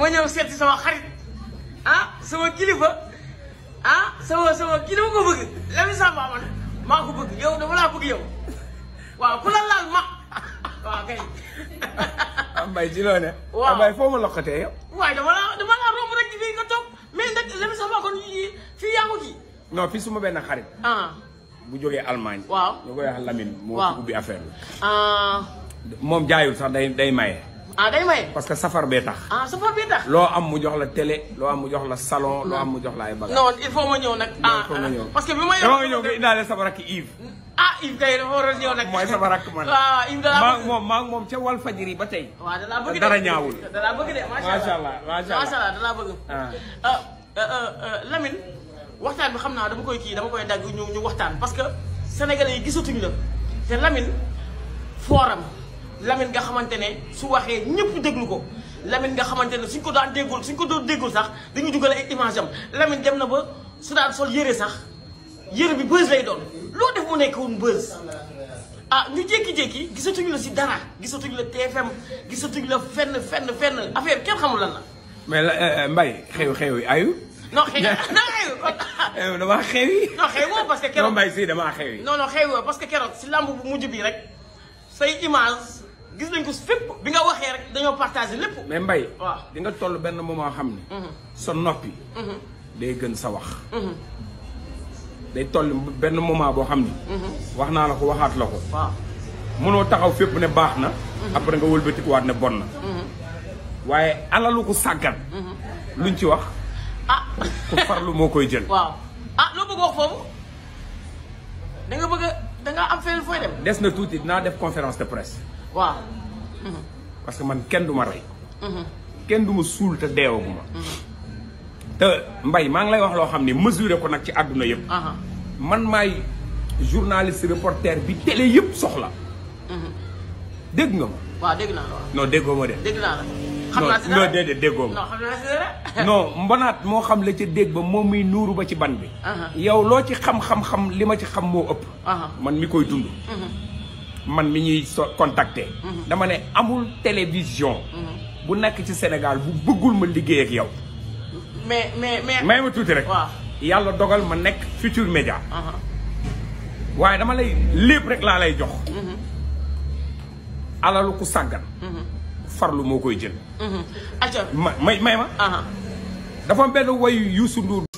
ma ñëw seet sama xarit ah, sama kilifa ah sama sama kii dama ko bëgg Lamine yow dama laa bëgg yow waaw ku la laal ma waaw kay. Mbaye ci loo waaw foo ma loqatee yow. waaye dama laa dama laa romb rek fii nga toog mais kon fii yaa ko kii. fii suma benn xarit. Ah. bu jógee Allemagne. waaw ñu koy wax Lamine. moo ubbi affaire bi. Ah. moom jaayul sax day maye. ah day maye. parce que safar bee tax. ah loo am mu jox la télé loo am mu jox la salon loo am mu jox la ay bagages. il faut ma ñëw nag. ah parce que bi ñëw nga indaale safar ak Yves. ah Yves kay dafa ñëw nag. mooy safar ak man waaw ah, moom maa ngi moom ca wal fajiri ba tey. waaw dala bëgg de dara ñaawul. dala bëgg de macha allah macha allah macha allah dala bëgg. ah, ah euh, euh, euh, Lamine waxtaan bi xam naa dama koy kii dama koy dagg ñu ñu waxtaan parce que sénégal yi gisatuñu la te Lamine fooram Lamine nga xamantene su waxé ñepp déglu ko Lamine nga xamantene suñ ko daan déggul suñ ko do déggul sax dañu duggal ay image am Lamine dem na ba su daan sol yéré sax yére bi buzz lay doon lo def mu nekk woon buzz ah ñu jékki-jékki gisatuñu la ci dara gisatuñu la TFM gisatuñu la fenn fenn fenn affaire kenn xamul lan la. mais euh, euh, Mbaye xew xew ayu. non xew non xew. Euh, damaa xew yi. non xewoo parce que keroog non Mbaye si dama xew yi. non non xewoo parce que keroog si lamb bu mujj bi rek say image. gis nañ ko fépp bi nga waxee rek dañoo partagé lépp. mais mbay waaw di nga toll benn moment xam ne. Mhm. sa noppi. Mhm. day gën sa wax. Mhm. day toll benn moment boo xam ne. wax naa la ko waxaat la ko. waaw taxaw fépp ne baax après nga wëlbatikuwaat ne bon na. alalu ko sàggan. luñ ci wax. ah ku farlu moo koy jël. waaw ah loo bëgg wax foofu da nga bëgg da nga am feneen fooy dem. des na tuuti dinaa def conférence de presse. waaw. parce que man kenn du ma rey. Mhm. kenn du suul te deewaguma. Mhm. te mbay maa ngi lay wax loo xam ne mesuré ko nag ci àdduna yëpp. man maay journaliste reporter bi télé yëpp soxla. Mhm. dégg nga ma. waaw dégg naa déggoo ma de. dégg naa la xam déggoo ma. non xam mbonaat moo xam la ca dégg ba moom muy nuuru ba ci ban bi. yow loo ci xam-xam-xam li ma ci xam moo ëpp. man mi koy dund. man mi ñuy so contacter. Mm-hmm. dama ne amul télévision. Mm-hmm. bu nekk ci Sénégal bu bëggul ma liggéey ak yow. mais mais mais. may ma tuuti rek. waaw yàlla dogal ma nekk Futurs Médias. Uh-huh. waaye dama lay lépp rek laa lay jox. Mm-hmm. alalu ku sàggan. farlu moo koy jël. ma may may ma. Uh-huh. dafa am benn wayu Youssou Ndour